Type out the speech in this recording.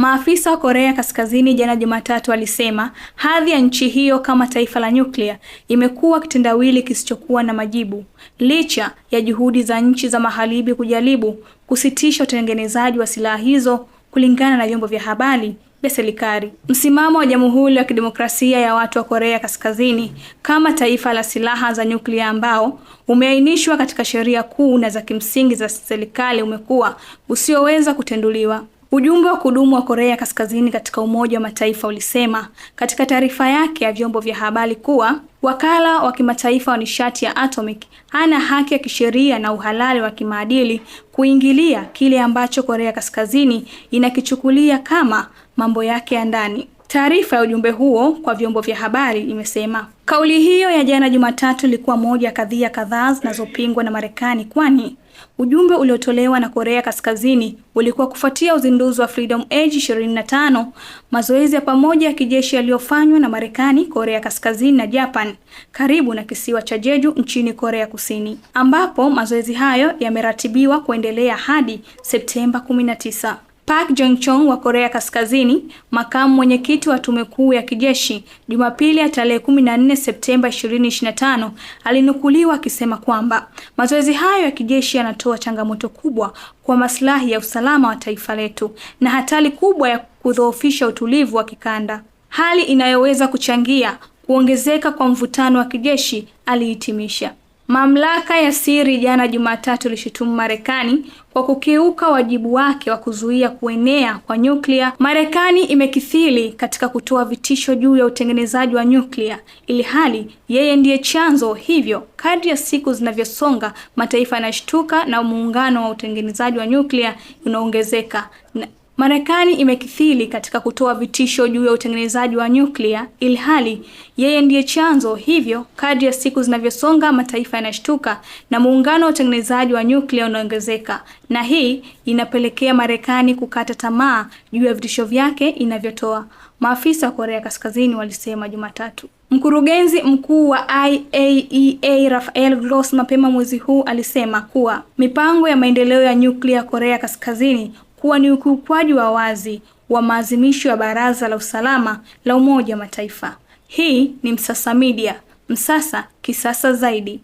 Maafisa wa Korea Kaskazini jana Jumatatu walisema hadhi ya nchi hiyo kama taifa la nyuklia imekuwa kitendawili kisichokuwa na majibu licha ya juhudi za nchi za magharibi kujaribu kusitisha utengenezaji wa silaha hizo, kulingana na vyombo vya habari vya serikali. Msimamo wa Jamhuri ya Kidemokrasia ya Watu wa Korea Kaskazini kama taifa la silaha za nyuklia ambao umeainishwa katika sheria kuu na za kimsingi za serikali umekuwa usioweza kutenduliwa. Ujumbe wa kudumu wa Korea Kaskazini katika Umoja wa Mataifa ulisema katika taarifa yake ya vyombo vya habari kuwa wakala wa kimataifa wa nishati ya atomic hana haki ya kisheria na uhalali wa kimaadili kuingilia kile ambacho Korea Kaskazini inakichukulia kama mambo yake ya ndani. Taarifa ya ujumbe huo kwa vyombo vya habari imesema kauli hiyo ya jana Jumatatu ilikuwa moja ya kadhia kadhaa zinazopingwa na Marekani, kwani ujumbe uliotolewa na Korea Kaskazini ulikuwa kufuatia uzinduzi wa Freedom Age 25, mazoezi ya pamoja ya kijeshi yaliyofanywa na Marekani, Korea Kaskazini na Japan karibu na kisiwa cha Jeju nchini Korea Kusini, ambapo mazoezi hayo yameratibiwa kuendelea hadi Septemba 19. Park Jong-chong wa Korea Kaskazini, makamu mwenyekiti wa tume kuu ya kijeshi, Jumapili ya tarehe 14 Septemba 2025, alinukuliwa akisema kwamba mazoezi hayo ya kijeshi yanatoa changamoto kubwa kwa maslahi ya usalama wa taifa letu na hatari kubwa ya kudhoofisha utulivu wa kikanda, hali inayoweza kuchangia kuongezeka kwa mvutano wa kijeshi, alihitimisha. Mamlaka ya siri jana Jumatatu ilishutumu Marekani kwa kukiuka wajibu wake wa kuzuia kuenea kwa nyuklia. Marekani imekithili katika kutoa vitisho juu ya utengenezaji wa nyuklia, ili hali yeye ndiye chanzo. Hivyo, kadri ya siku zinavyosonga, mataifa yanashtuka na muungano wa utengenezaji wa nyuklia unaongezeka. Marekani imekithili katika kutoa vitisho juu ya utengenezaji wa nyuklia, ilhali yeye ndiye chanzo. Hivyo, kadri ya siku zinavyosonga, mataifa yanashtuka na muungano wa utengenezaji wa nyuklia unaongezeka, na hii inapelekea Marekani kukata tamaa juu ya vitisho vyake inavyotoa, maafisa wa Korea Kaskazini walisema Jumatatu. Mkurugenzi mkuu wa IAEA e Rafael Gross mapema mwezi huu alisema kuwa mipango ya maendeleo ya nyuklia ya Korea Kaskazini kuwa ni ukiukwaji wa wazi wa maazimisho ya Baraza la Usalama la Umoja wa Mataifa. Hii ni Msasa Media, Msasa kisasa zaidi.